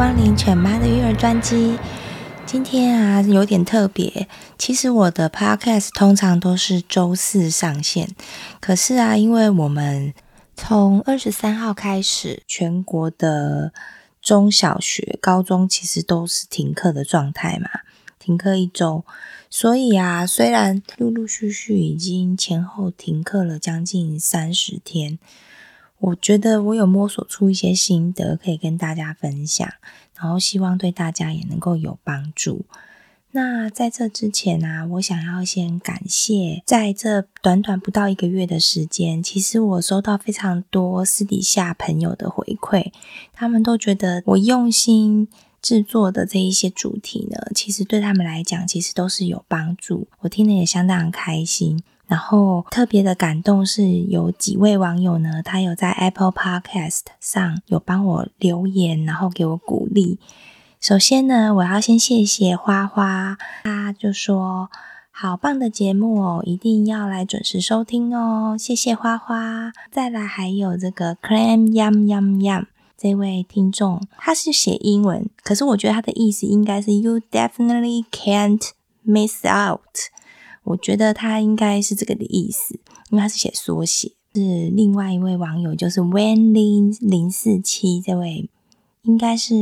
歡迎光臨犬媽的育兒專機。今天啊，有點特別。其實我的 podcast 通常都是週四上線，可是啊，因為我們從二十三號開始，全國的中小學、高中其實都是停課的狀態嘛，停課一周。所以啊，雖然陸陸續續已經前後停課了將近三十天。我覺得我有摸索出一些心得，可以跟大家分享，然後希望對大家也能夠有幫助。那在這之前呢、啊，我想要先感謝，在這短短不到一個月的時間，其實我收到非常多私底下朋友的回饋，他們都覺得我用心製作的這一些主題呢，其實對他們來講，其實都是有幫助。我聽得也相當開心。然後特別的感動是有幾位網友呢，他有在 Apple Podcast 上有幫我留言，然後給我鼓勵。首先呢，我要先謝謝花花，他就說好棒的節目哦，一定要來準時收聽哦，謝謝花花。再來還有這個 Clam Yum Yum Yum 這位聽眾，他是寫英文，可是我覺得他的意思應該是 You definitely can't miss out。我覺得他應該是這個的意思，因為他是寫縮寫。是另外一位網友，就是 Wenlin 零四七，這位應該是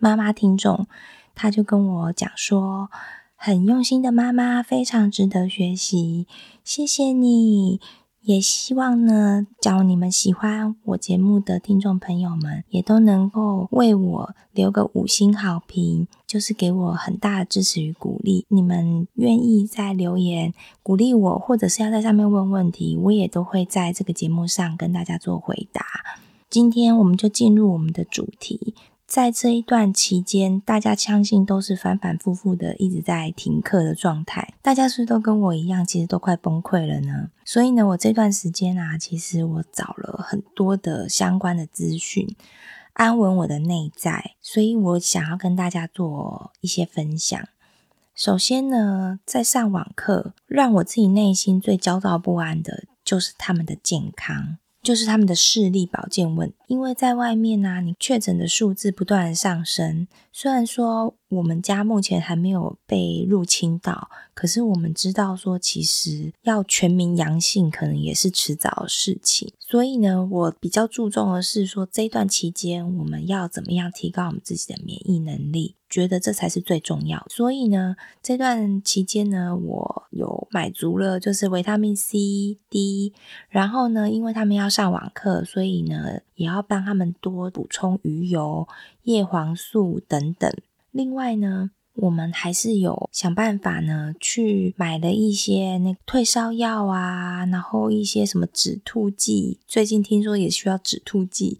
媽媽聽眾，他就跟我講說，很用心的媽媽，非常值得學習，謝謝你。也希望呢，找你們喜歡我節目的聽眾朋友們，也都能夠為我留個五星好評，就是給我很大的支持與鼓勵。你們願意在留言鼓勵我，或者是要在上面問問題，我也都會在這個節目上跟大家做回答。今天我們就進入我們的主題。在這一段期間，大家相信都是反反复复的，一直在停課的狀態。大家是不是都跟我一樣，其實都快崩潰了呢？所以呢，我這段時間啊，其實我找了很多的相關的資訊，安穩我的內在。所以我想要跟大家做一些分享。首先呢，在上網課，讓我自己內心最焦躁不安的就是他們的健康。就是他們的視力保健問題，因為在外面呢、啊，你確診的數字不斷上升。雖然說我們家目前還沒有被入侵到，可是我們知道說，其實要全民陽性，可能也是遲早的事情。所以呢，我比較注重的是說，這段期間我們要怎麼樣提高我們自己的免疫能力，覺得這才是最重要。所以呢，這段期間呢，我有買足了，就是維他命 C、D，然後呢，因為他們要上網課，所以呢，也要幫他們多補充魚油。葉黃素等等。另外呢，我們還是有想辦法呢，去買了一些那個退燒藥啊，然後一些什麼止吐劑。最近聽說也需要止吐劑，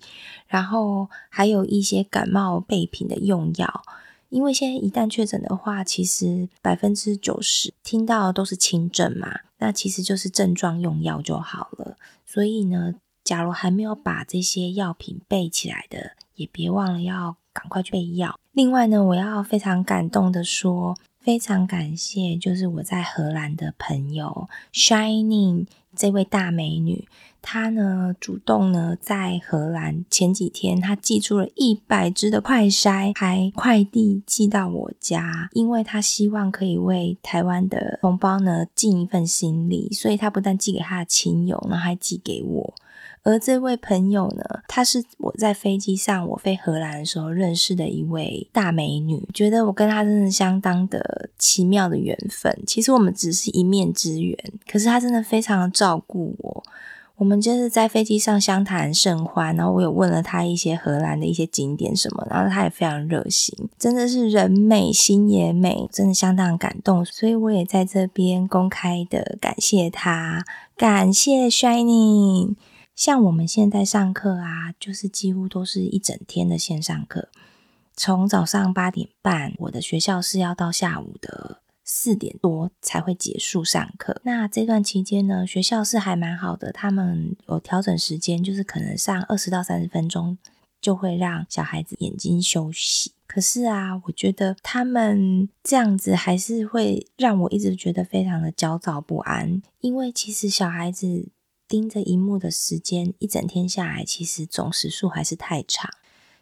然後還有一些感冒備品的用藥。因為現在一旦確診的話，其實百分之九十聽到的都是輕症嘛，那其實就是症狀用藥就好了。所以呢，假如還沒有把這些藥品備起來的。也別忘了要趕快去備藥。另外呢，我要非常感動的說，非常感謝，就是我在荷蘭的朋友 Shining 這位大美女，她呢主動呢在荷蘭前幾天，她寄出了一百隻的快篩，還快遞寄到我家，因為她希望可以為台灣的同胞呢盡一份心力，所以她不但寄給她的親友，然後還寄給我。而這位朋友呢，她是我在飛機上，我飛荷蘭的時候認識的一位大美女，覺得我跟她真的相當的奇妙的緣分。其實我們只是一面之緣，可是她真的非常的照顧我。我們就是在飛機上相談甚歡，然後我有問了她一些荷蘭的一些景點什麼，然後她也非常熱心，真的是人美心也美，真的相當的感動。所以我也在這邊公開的感謝她，感謝 Shining。像我們現在上課啊，就是幾乎都是一整天的線上課，從早上八點半，我的學校是要到下午的四點多才會結束上課。那這段期間呢，學校是還蠻好的，他們有調整時間，就是可能上二十到三十分鐘，就會讓小孩子眼睛休息。可是啊，我覺得他們這樣子還是會讓我一直覺得非常的焦躁不安，因為其實小孩子。盯着熒幕的時間一整天下來，其實總時數還是太長。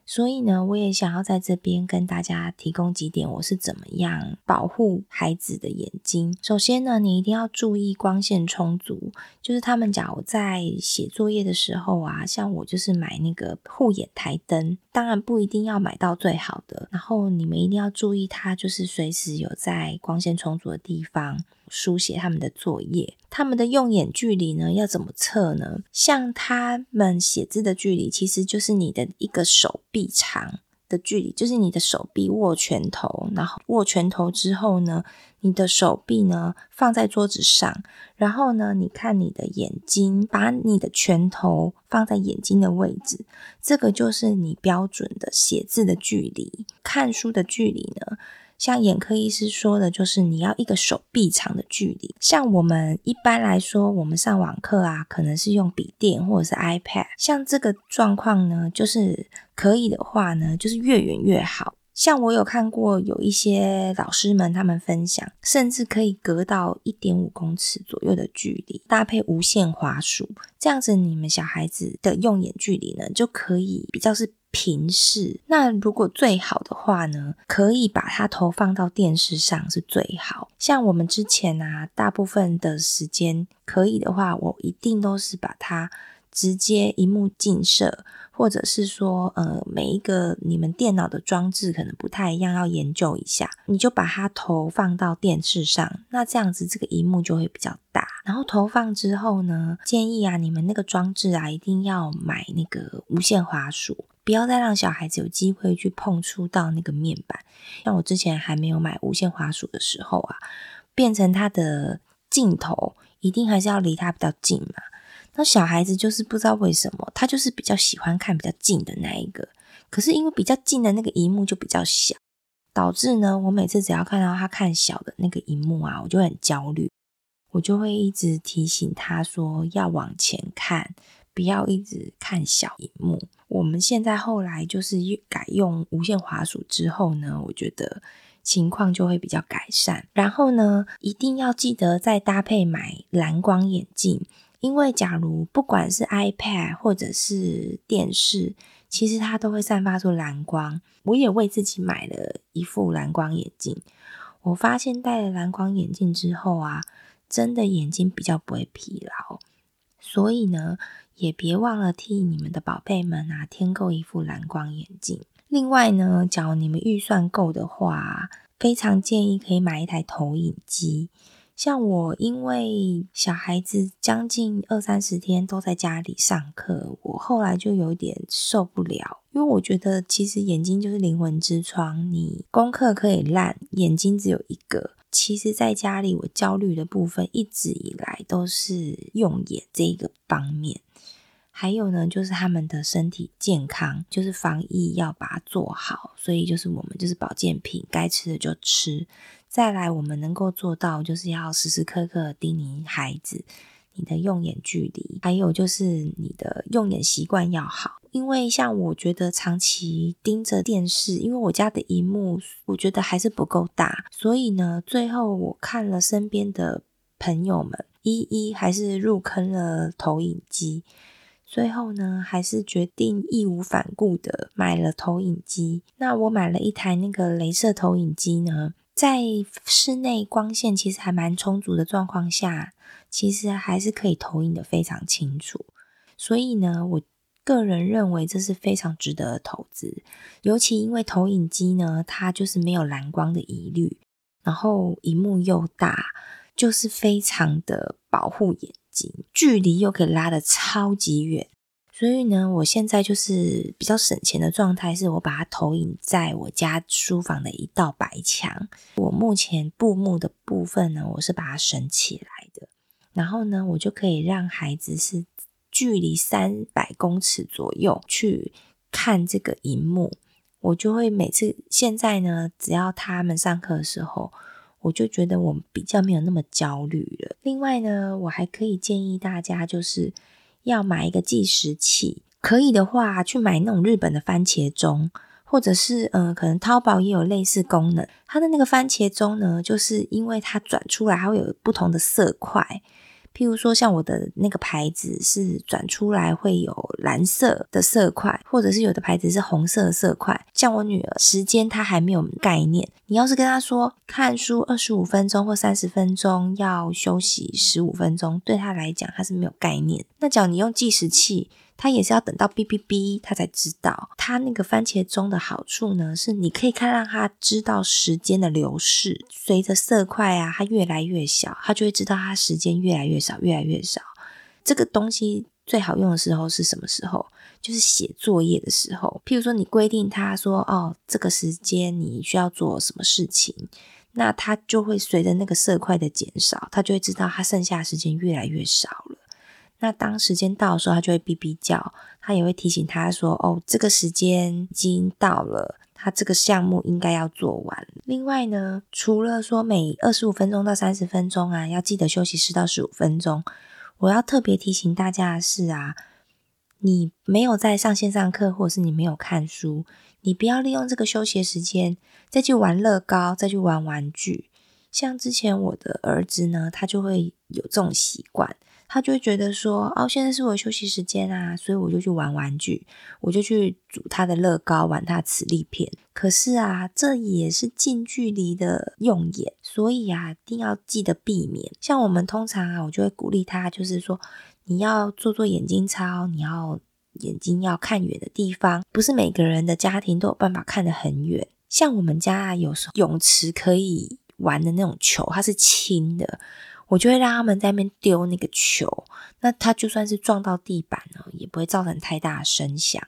所以呢，我也想要在這邊跟大家提供幾點，我是怎麼樣保護孩子的眼睛。首先呢，你一定要注意光線充足。就是他們講我在寫作業的時候啊，像我就是買那個護眼檯燈，當然不一定要買到最好的。然後你們一定要注意，它就是隨時有在光線充足的地方書寫他們的作業，他們的用眼距離呢，要怎麼測呢？像他們寫字的距離，其實就是你的一個手臂長的距離，就是你的手臂握拳頭，然後握拳頭之後呢，你的手臂呢，放在桌子上，然後呢，你看你的眼睛，把你的拳頭放在眼睛的位置，這個就是你標準的寫字的距離。看書的距離呢？像眼科醫師說的，就是你要一個手臂長的距離。像我們一般來說，我們上網課啊，可能是用筆電或者是 iPad。像這個狀況呢，就是可以的話呢，就是越遠越好。像我有看過有一些老師們他們分享，甚至可以隔到一點五公尺左右的距離，搭配無線滑鼠，這樣子你們小孩子的用眼距離呢，就可以比較是平視。那如果最好的話呢，可以把它投放到電視上是最好。像我們之前啊，大部分的時間可以的話，我一定都是把它直接螢幕鏡射。或者是說，呃，每一個你們電腦的裝置可能不太一樣，要研究一下。你就把它投放到電視上，那這樣子這個熒幕就會比較大。然後投放之後呢，建議啊，你們那個裝置啊，一定要買那個無線滑鼠，不要再讓小孩子有機會去碰觸到那個面板。像我之前還沒有買無線滑鼠的時候啊，變成它的鏡頭，一定還是要離它比較近嘛。那小孩子就是不知道為什麼，他就是比較喜歡看比較近的那一個，可是因為比較近的那個熒幕就比較小，導致呢，我每次只要看到他看小的那個熒幕啊，我就很焦慮，我就會一直提醒他說要往前看，不要一直看小熒幕。我們現在後來就是改用無線滑鼠之後呢，我覺得情況就會比較改善。然後呢，一定要記得再搭配買藍光眼鏡。因為假如不管是 iPad 或者是電視，其實它都會散發出藍光。我也為自己買了一副藍光眼鏡。我發現戴了藍光眼鏡之後啊，真的眼睛比較不會疲勞。所以呢，也別忘了替你們的寶貝們啊添購一副藍光眼鏡。另外呢，假如你們預算夠的話，非常建議可以買一台投影機。像我，因為小孩子將近二三十天都在家裡上課，我後來就有點受不了，因為我覺得其實眼睛就是靈魂之窗，你功課可以爛，眼睛只有一個。其實，在家裡我焦慮的部分一直以來都是用眼這一個方面，還有呢，就是他們的身體健康，就是防疫要把它做好，所以就是我們就是保健品，該吃的就吃。再來，我們能夠做到，就是要時時刻刻叮嚀孩子，你的用眼距離，還有就是你的用眼習慣要好。因為像我覺得長期盯着電視，因為我家的螢幕我覺得還是不夠大，所以呢，最後我看了身邊的朋友們，一一還是入坑了投影機。最後呢，還是決定義無反顧的買了投影機。那我買了一台那個雷射投影機呢。在室內光線其實還蠻充足的狀況下，其實還是可以投影的非常清楚。所以呢，我個人認為這是非常值得投資，尤其因為投影機呢，它就是沒有藍光的疑慮，然後熒幕又大，就是非常的保護眼睛，距離又可以拉得超級遠。所以呢，我現在就是比較省錢的狀態，是我把它投影在我家書房的一道白牆。我目前布幕的部分呢，我是把它省起來的。然後呢，我就可以讓孩子是距離三百公尺左右去看這個熒幕。我就會每次現在呢，只要他們上課的時候，我就覺得我比較沒有那麼焦慮了。另外呢，我還可以建議大家就是。要買一個計時器，可以的話去買那種日本的番茄鐘，或者是，嗯、呃，可能淘寶也有類似功能。它的那個番茄鐘呢，就是因為它轉出來，還會有不同的色塊。譬如說，像我的那個牌子是轉出來會有藍色的色塊，或者是有的牌子是紅色的色塊。像我女兒，時間她還沒有概念。你要是跟她說看書二十五分鐘或三十分鐘，要休息十五分鐘，對她來講，她是沒有概念。那假如你用計時器。他也是要等到嗶嗶嗶，他才知道他那個番茄鐘的好處呢。是你可以看讓他知道時間的流逝，隨着色塊啊，他越來越小，他就會知道他時間越來越少，越來越少。這個東西最好用的時候是什麼時候？就是寫作業的時候。譬如說你規定他說哦，這個時間你需要做什麼事情，那他就會隨着那個色塊的減少，他就會知道他剩下的時間越來越少了。那當時間到的時候，他就會嗶嗶叫，他也會提醒他說：“哦，這個時間已經到了，他這個項目應該要做完。”另外呢，除了說每二十五分鐘到三十分鐘啊，要記得休息十到十五分鐘。我要特別提醒大家的是啊，你沒有在上線上課，或是你沒有看書，你不要利用這個休息時間再去玩樂高，再去玩玩具。像之前我的兒子呢，他就會有這種習慣。他就會覺得說，哦，現在是我休息時間啊，所以我就去玩玩具，我就去組他的樂高，玩他的磁力片。可是啊，這也是近距離的用眼，所以啊，一定要記得避免。像我們通常啊，我就會鼓勵他，就是說你要做做眼睛操，你要眼睛要看遠的地方。不是每個人的家庭都有辦法看得很遠。像我們家啊，有時候泳池可以玩的那種球，它是輕的。我就會讓他們在那邊丟那個球，那他就算是撞到地板呢，也不會造成太大的聲響。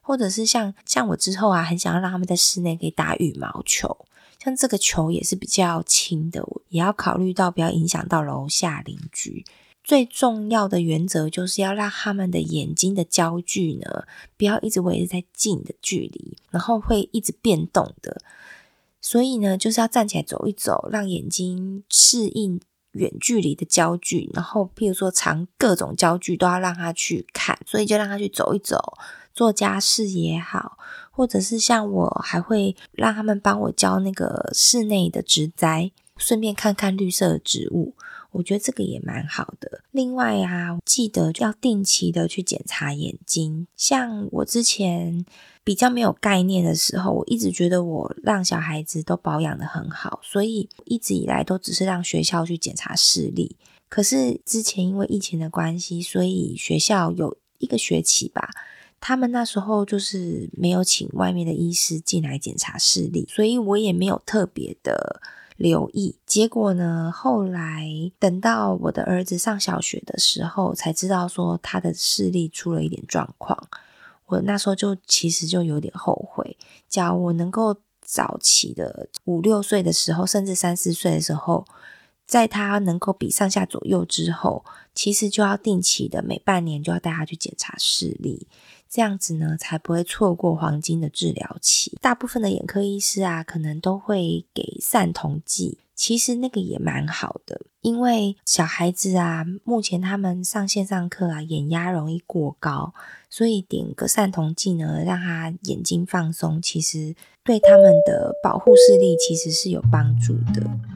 或者是像像我之後啊，很想要讓他們在室內可以打羽毛球，像這個球也是比較輕的，也要考慮到不要影響到樓下鄰居。最重要的原則就是要讓他們的眼睛的焦距呢，不要一直維持在近的距離，然後會一直變動的。所以呢，就是要站起來走一走，讓眼睛適應，遠距離的焦距，然後譬如說長各種焦距都要讓他去看，所以就讓他去走一走，做家事也好，或者是像我還會讓他們幫我澆那個室內的植栽，順便看看綠色植物。我覺得這個也蠻好的。另外啊，記得要定期的去檢查眼睛。像我之前比較沒有概念的時候，我一直覺得我讓小孩子都保養得很好，所以一直以來都只是讓學校去檢查視力。可是之前因為疫情的關係，所以學校有一個學期吧，他們那時候就是沒有請外面的醫師進來檢查視力，所以我也沒有特別的留意，結果呢，後來等到我的兒子上小學的時候，才知道說他的視力出了一點狀況。我那時候就其實就有點後悔，假如我能夠早期的五六歲的時候，甚至三四歲的時候。在他能夠比上下左右之後，其實就要定期的每半年就要帶他去檢查視力，這樣子呢才不會錯過黃金的治療期。大部分的眼科醫師啊，可能都會給散瞳劑，其實那個也蠻好的，因為小孩子啊，目前他們上線上課啊，眼壓容易過高，所以點個散瞳劑呢，讓他眼睛放鬆，其實對他們的保護視力其實是有幫助的。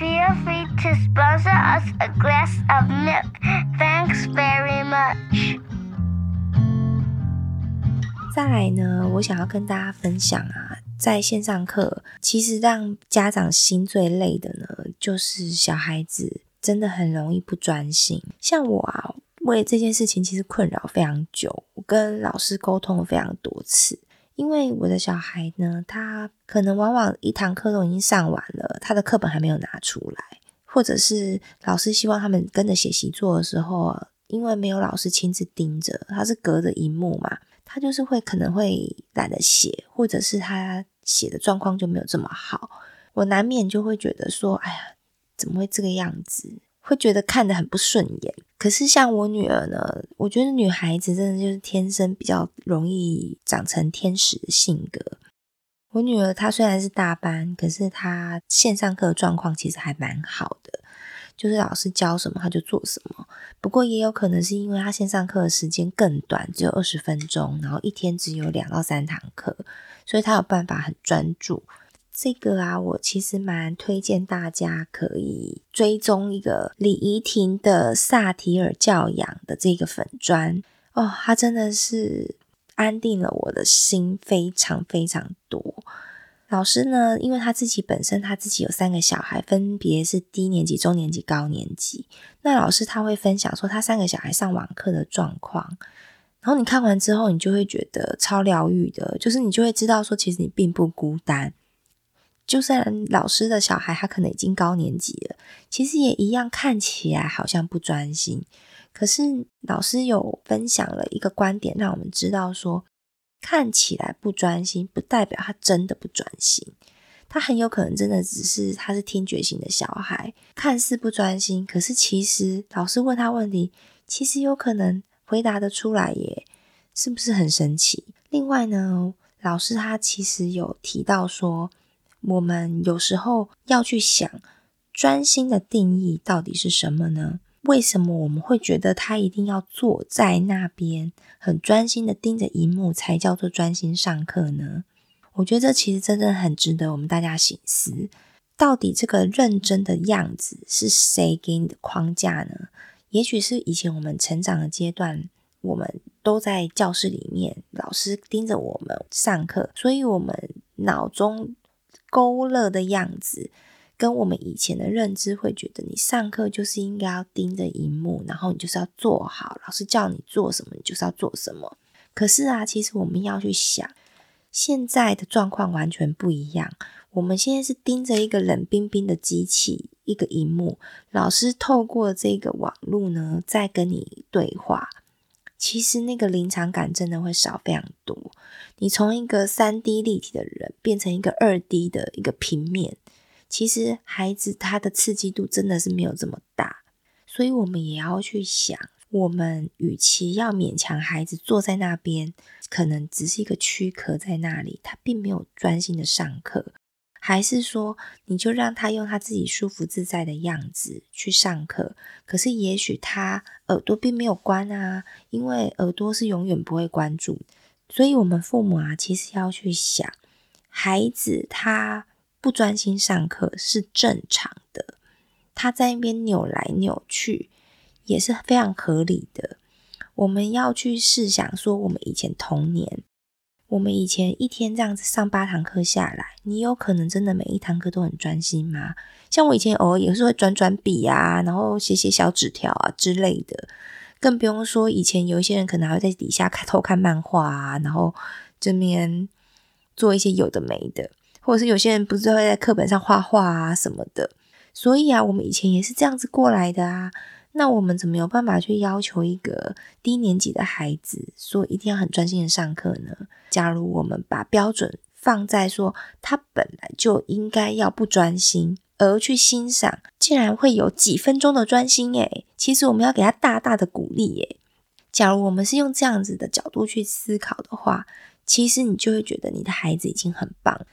Feel free to sponsor us a glass of milk. Thanks very much. 再來呢，我想要跟大家分享啊，在線上課，其實讓家長心最累的呢，就是小孩子真的很容易不專心。像我啊，我為這件事情其實困擾非常久，我跟老師溝通了非常多次。因為我的小孩呢，他可能往往一堂課都已經上完了，他的課本還沒有拿出來，或者是老師希望他們跟着寫習作的時候，因為沒有老師親自盯着，他是隔着熒幕嘛，他就是會可能會懶得寫，或者是他寫的狀況就沒有這麼好，我難免就會覺得說，哎呀，怎麼會這個樣子？會覺得看得很不順眼，可是像我女兒呢，我覺得女孩子真的就是天生比較容易長成天使的性格。我女兒她雖然是大班，可是她線上課的狀況其實還蠻好的，就是老師教什麼她就做什麼。不過也有可能是因為她線上課的時間更短，只有二十分鐘，然後一天只有兩到三堂課，所以她有辦法很專注。這個啊，我其實蠻推薦大家可以追蹤一個李儀婷的薩提爾教養的這個粉專哦，他真的是安定了我的心非常非常多。老師呢，因為他自己本身他自己有三個小孩，分別是低年級、中年級、高年級。那老師他會分享說他三個小孩上網課的狀況，然後你看完之後，你就會覺得超療癒的，就是你就會知道說其實你並不孤單。就算老師的小孩，他可能已經高年級了，其實也一樣，看起來好像不專心，可是老師有分享了一個觀點，讓我們知道說，看起來不專心，不代表他真的不專心，他很有可能真的只是他是聽覺型的小孩，看似不專心，可是其實老師問他問題，其實有可能回答得出來耶，是不是很神奇？另外呢，老師他其實有提到說。我們有時候要去想，專心的定義到底是什麼呢？為什麼我們會覺得他一定要坐在那邊很專心的盯着熒幕才叫做專心上課呢？我覺得這其實真正很值得我們大家省思：到底這個認真的樣子是誰給你的框架呢？也許是以前我們成長的階段，我們都在教室裡面，老師盯着我們上課，所以我們腦中。勾勒的樣子，跟我們以前的認知會覺得，你上課就是應該要盯着熒幕，然後你就是要做好，老師叫你做什麼，你就是要做什麼。可是啊，其實我們要去想，現在的狀況完全不一樣。我們現在是盯着一個冷冰冰的機器，一個熒幕，老師透過這個網絡呢，在跟你對話。其實那個臨場感真的會少非常多。你從一個 3D 立體的人變成一個 2D 的一個平面，其實孩子他的刺激度真的是沒有這麼大。所以，我們也要去想，我們與其要勉強孩子坐在那邊，可能只是一個軀殼在那裡，他並沒有專心的上課。還是說，你就讓他用他自己舒服自在的樣子去上課。可是，也許他耳朵並沒有關啊，因為耳朵是永遠不會關注。所以，我們父母啊，其實要去想，孩子他不專心上課是正常的，他在那邊扭來扭去也是非常合理的。我們要去試想說，我們以前童年。我們以前一天這樣子上八堂課下來，你有可能真的每一堂課都很專心嗎？像我以前偶爾也是會轉轉筆啊，然後寫寫小紙條啊之類的，更不用說以前有一些人可能還會在底下偷偷看漫畫啊，然後這邊做一些有的沒的，或者是有些人不知道會在課本上畫畫啊什麼的。所以啊，我們以前也是這樣子過來的啊。那我們怎麼有辦法去要求一個低年級的孩子說一定要很專心的上課呢？假如我們把標準放在說他本來就應該要不專心，而去欣賞，竟然會有幾分鐘的專心，哎，其實我們要給他大大的鼓勵，哎。假如我們是用這樣子的角度去思考的話，其實你就會覺得你的孩子已經很棒。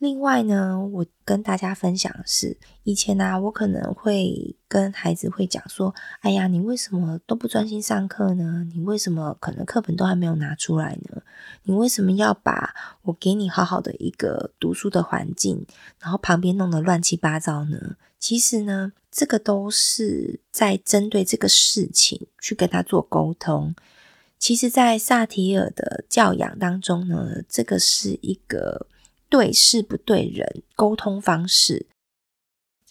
另外呢，我跟大家分享的是，以前呢、啊，我可能會跟孩子會講說：“哎呀，你為什麼都不專心上課呢？你為什麼可能課本都還沒有拿出來呢？你為什麼要把我給你好好的一個讀書的環境，然後旁邊弄得亂七八糟呢？”其實呢，這個都是在針對這個事情去跟他做溝通。其實在薩提爾的教養當中呢，這個是一個。對事不對人，溝通方式，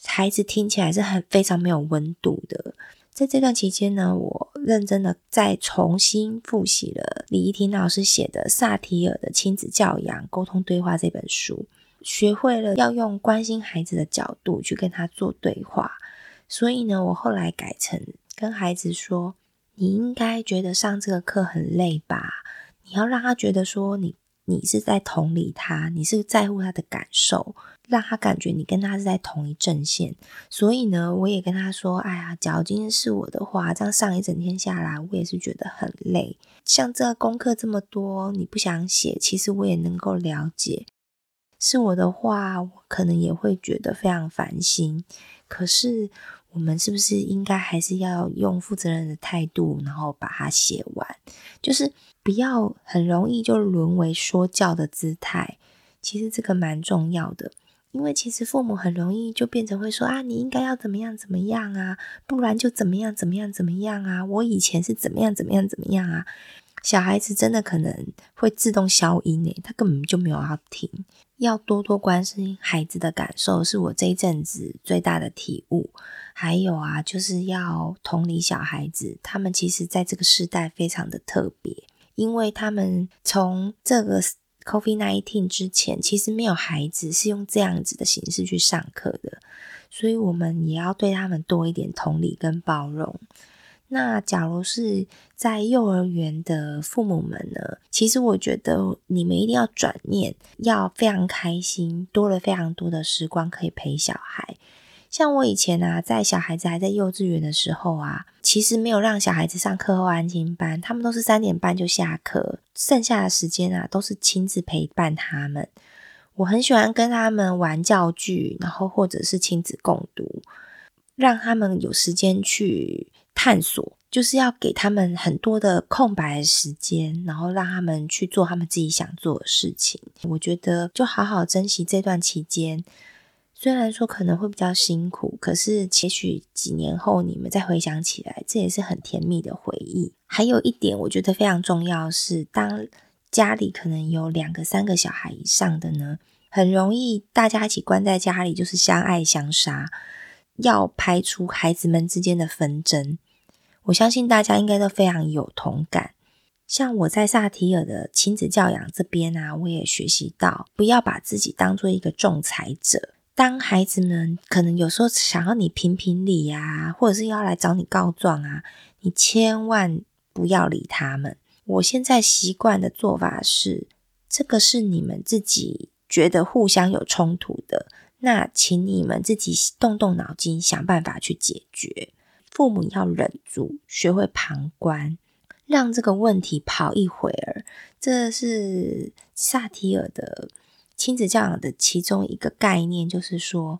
孩子聽起來是很非常沒有溫度的。在這段期間呢，我認真的再重新複習了李儀婷老師寫的《薩提爾的親子教養溝通對話》這本書，學會了要用關心孩子的角度去跟他做對話。所以呢，我後來改成跟孩子說：“你應該覺得上這個課很累吧？”你要讓他覺得說你。你是在同理他，你是在乎他的感受，讓他感覺你跟他是在同一陣線。所以呢，我也跟他說：“哎呀，假如今天是我的話，這樣上一整天下來，我也是覺得很累。像這個功課這麼多，你不想寫，其實我也能夠了解。是我的話，我可能也會覺得非常煩心。可是。”我們是不是應該還是要用負責任的態度，然後把它寫完，就是不要很容易就淪為說教的姿態。其實這個蠻重要的，因為其實父母很容易就變成會說啊，你應該要怎麼樣怎麼樣啊，不然就怎麼樣怎麼樣怎麼樣啊。我以前是怎麼樣怎麼樣怎麼樣啊，小孩子真的可能會自動消音誒，他根本就沒有要聽。要多多關心孩子的感受，是我這一陣子最大的體悟。還有啊，就是要同理小孩子，他們其實在這個時代非常的特別，因為他們從這個 COVID-19 之前，其實沒有孩子是用這樣子的形式去上課的，所以我們也要對他們多一點同理跟包容。那假如是在幼兒園的父母們呢？其實我覺得你們一定要轉念，要非常開心，多了非常多的時光可以陪小孩。像我以前啊，在小孩子還在幼稚園的時候啊，其實沒有讓小孩子上課後安親班，他們都是三點半就下課，剩下的時間啊都是親自陪伴他們。我很喜歡跟他們玩教具，然後或者是親子共讀，讓他們有時間去。探索就是要給他們很多的空白的時間，然後讓他們去做他們自己想做的事情。我覺得就好好珍惜這段期間，雖然說可能會比較辛苦，可是也許幾年後你們再回想起來，這也是很甜蜜的回憶。還有一點，我覺得非常重要是，當家裡可能有兩個、三個小孩以上的呢，很容易大家一起關在家裡就是相愛相殺，要排除孩子們之間的紛爭。我相信大家應該都非常有同感。像我在薩提爾的親子教養這邊啊，我也學習到，不要把自己當作一個仲裁者。當孩子們可能有時候想要你評評理啊，或者是要來找你告狀啊，你千萬不要理他們。我現在習慣的做法是，這個是你們自己覺得互相有衝突的，那請你們自己動動腦筋，想辦法去解決。父母要忍住，學會旁觀，讓這個問題跑一會兒。這是薩提爾的親子教養的其中一個概念，就是說，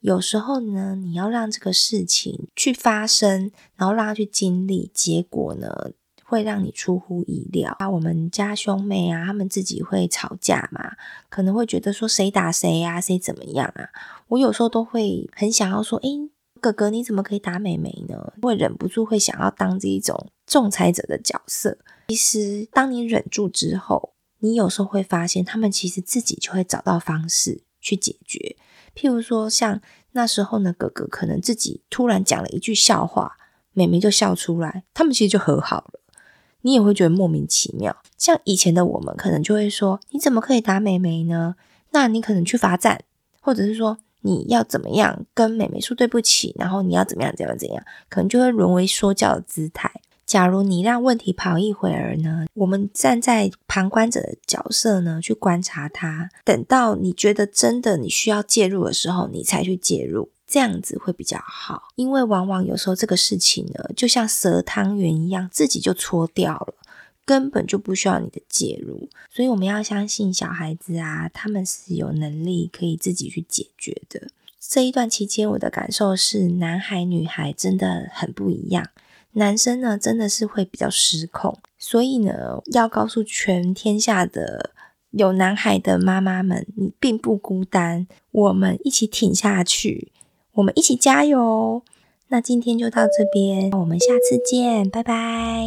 有時候呢，你要讓這個事情去發生，然後讓他去經歷，結果呢，會讓你出乎意料。啊，我們家兄妹啊，他們自己會吵架嘛，可能會覺得說誰打誰啊，誰怎麼樣啊？我有時候都會很想要說，誒。哥哥，你怎麼可以打美美呢？會忍不住會想要當這一種仲裁者的角色。其實，當你忍住之後，你有時候會發現，他們其實自己就會找到方式去解決。譬如說，像那時候呢，哥哥可能自己突然講了一句笑話，美美就笑出來，他們其實就和好了。你也會覺得莫名其妙。像以前的我們，可能就會說，你怎麼可以打美美呢？那你可能去罰站，或者是說。你要怎麼樣跟妹妹說對不起？然後你要怎麼樣？怎樣怎樣？可能就會淪為說教的姿態。假如你讓問題跑一會兒呢？我們站在旁觀者的角色呢，去觀察它。等到你覺得真的你需要介入的時候，你才去介入，這樣子會比較好。因為往往有時候這個事情呢，就像蛇湯圓一樣，自己就搓掉了。根本就不需要你的介入，所以我們要相信小孩子啊，他們是有能力可以自己去解決的。這一段期間，我的感受是，男孩女孩真的很不一樣。男生呢，真的是會比較失控，所以呢，要告訴全天下的有男孩的媽媽們，你並不孤單，我們一起挺下去，我們一起加油。那今天就到這邊，我們下次見，拜拜。